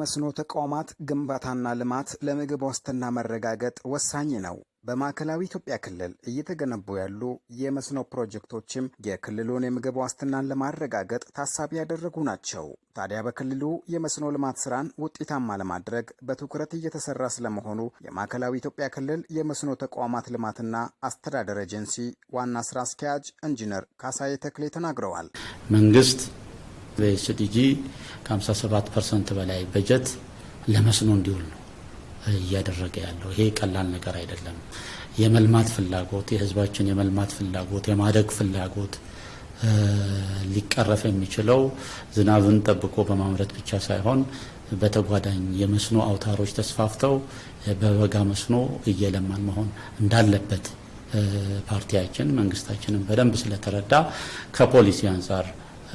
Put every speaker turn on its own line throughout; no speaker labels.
የመስኖ ተቋማት ግንባታና ልማት ለምግብ ዋስትና መረጋገጥ ወሳኝ ነው። በማዕከላዊ ኢትዮጵያ ክልል እየተገነቡ ያሉ የመስኖ ፕሮጀክቶችም የክልሉን የምግብ ዋስትናን ለማረጋገጥ ታሳቢ ያደረጉ ናቸው። ታዲያ በክልሉ የመስኖ ልማት ስራን ውጤታማ ለማድረግ በትኩረት እየተሰራ ስለመሆኑ የማዕከላዊ ኢትዮጵያ ክልል የመስኖ ተቋማት ልማትና አስተዳደር ኤጀንሲ ዋና ስራ አስኪያጅ ኢንጂነር ካሳዬ ተክሌ ተናግረዋል።
መንግስት በኤስዲጂ ከ57 ፐርሰንት በላይ በጀት ለመስኖ እንዲውል ነው እያደረገ ያለው። ይሄ ቀላል ነገር አይደለም። የመልማት ፍላጎት የህዝባችን የመልማት ፍላጎት የማደግ ፍላጎት ሊቀረፍ የሚችለው ዝናብን ጠብቆ በማምረት ብቻ ሳይሆን በተጓዳኝ የመስኖ አውታሮች ተስፋፍተው በበጋ መስኖ እየለማን መሆን እንዳለበት ፓርቲያችን መንግስታችንን በደንብ ስለተረዳ ከፖሊሲ አንጻር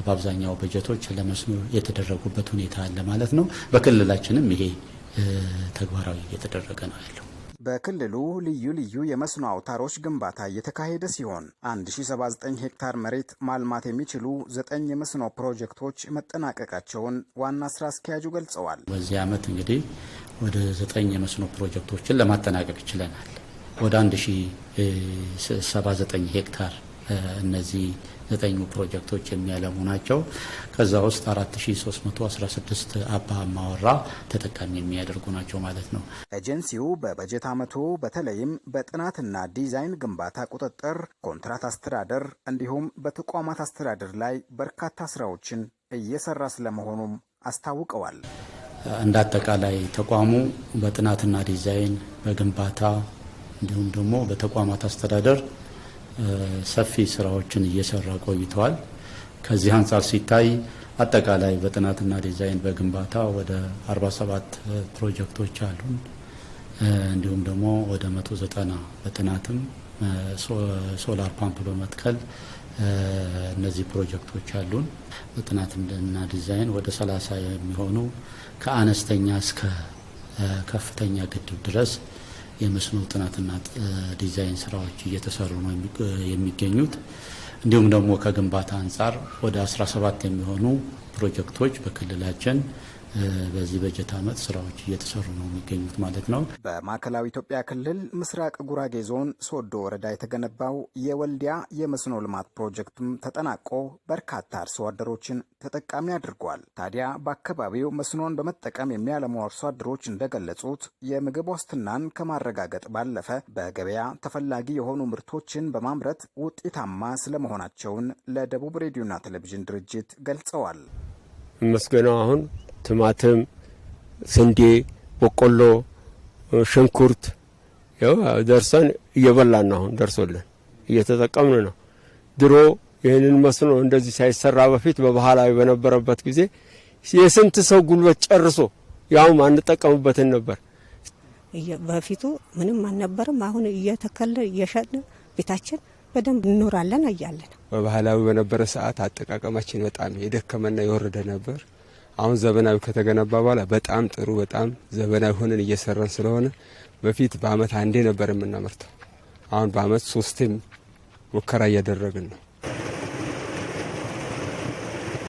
በአብዛኛው በጀቶች ለመስኖ የተደረጉበት ሁኔታ አለ ማለት ነው። በክልላችንም ይሄ ተግባራዊ እየተደረገ ነው ያለው።
በክልሉ ልዩ ልዩ የመስኖ አውታሮች ግንባታ እየተካሄደ ሲሆን 1079 ሄክታር መሬት ማልማት የሚችሉ ዘጠኝ የመስኖ ፕሮጀክቶች መጠናቀቃቸውን ዋና ስራ አስኪያጁ ገልጸዋል።
በዚህ ዓመት እንግዲህ ወደ ዘጠኝ የመስኖ ፕሮጀክቶችን ለማጠናቀቅ ችለናል። ወደ 1079 ሄክታር እነዚህ ዘጠኙ ፕሮጀክቶች የሚያለሙ ናቸው። ከዛ ውስጥ 4316 አባ ማወራ ተጠቃሚ የሚያደርጉ ናቸው ማለት ነው።
ኤጀንሲው በበጀት ዓመቱ በተለይም በጥናትና ዲዛይን ግንባታ ቁጥጥር፣ ኮንትራት አስተዳደር እንዲሁም በተቋማት አስተዳደር ላይ በርካታ ስራዎችን እየሰራ ስለመሆኑም አስታውቀዋል።
እንደ አጠቃላይ ተቋሙ በጥናትና ዲዛይን፣ በግንባታ እንዲሁም ደግሞ በተቋማት አስተዳደር ሰፊ ስራዎችን እየሰራ ቆይተዋል። ከዚህ አንጻር ሲታይ አጠቃላይ በጥናትና ዲዛይን በግንባታ ወደ 47 ፕሮጀክቶች አሉን። እንዲሁም ደግሞ ወደ 190 በጥናትም ሶላር ፓምፕ በመትከል እነዚህ ፕሮጀክቶች አሉን። በጥናትና ዲዛይን ወደ 30 የሚሆኑ ከአነስተኛ እስከ ከፍተኛ ግድብ ድረስ የመስኖ ጥናትና ዲዛይን ስራዎች እየተሰሩ ነው የሚገኙት። እንዲሁም ደግሞ ከግንባታ አንጻር ወደ 17 የሚሆኑ ፕሮጀክቶች በክልላችን በዚህ በጀት ዓመት ስራዎች እየተሰሩ ነው የሚገኙት ማለት ነው።
በማዕከላዊ ኢትዮጵያ ክልል ምስራቅ ጉራጌ ዞን ሶዶ ወረዳ የተገነባው የወልዲያ የመስኖ ልማት ፕሮጀክትም ተጠናቆ በርካታ አርሶ አደሮችን ተጠቃሚ አድርጓል። ታዲያ በአካባቢው መስኖን በመጠቀም የሚያለሙ አርሶ አደሮች እንደገለጹት የምግብ ዋስትናን ከማረጋገጥ ባለፈ በገበያ ተፈላጊ የሆኑ ምርቶችን በማምረት ውጤታማ ስለመሆናቸውን ለደቡብ ሬዲዮና ቴሌቪዥን ድርጅት ገልጸዋል።
መስገነው አሁን ትማትም፣ ስንዴ፣ በቆሎ፣ ሽንኩርት ደርሰን እየበላን ነው። አሁን ደርሶልን እየተጠቀምን ነው። ድሮ ይህንን መስኖ እንደዚህ ሳይሰራ በፊት በባህላዊ በነበረበት ጊዜ የስንት ሰው ጉልበት ጨርሶ ያውም አንጠቀምበትን ነበር።
በፊቱ ምንም አልነበርም። አሁን እየተከለ እየሸጥን ቤታችን በደንብ እንኖራለን እያለን
በባህላዊ በነበረ ሰዓት አጠቃቀማችን በጣም የደከመና የወረደ ነበር። አሁን ዘመናዊ ከተገነባ በኋላ በጣም ጥሩ በጣም ዘመናዊ ሆነን እየሰራን ስለሆነ በፊት በአመት አንዴ ነበር የምናመርተው። አሁን በአመት ሶስቴም ሙከራ እያደረግን ነው።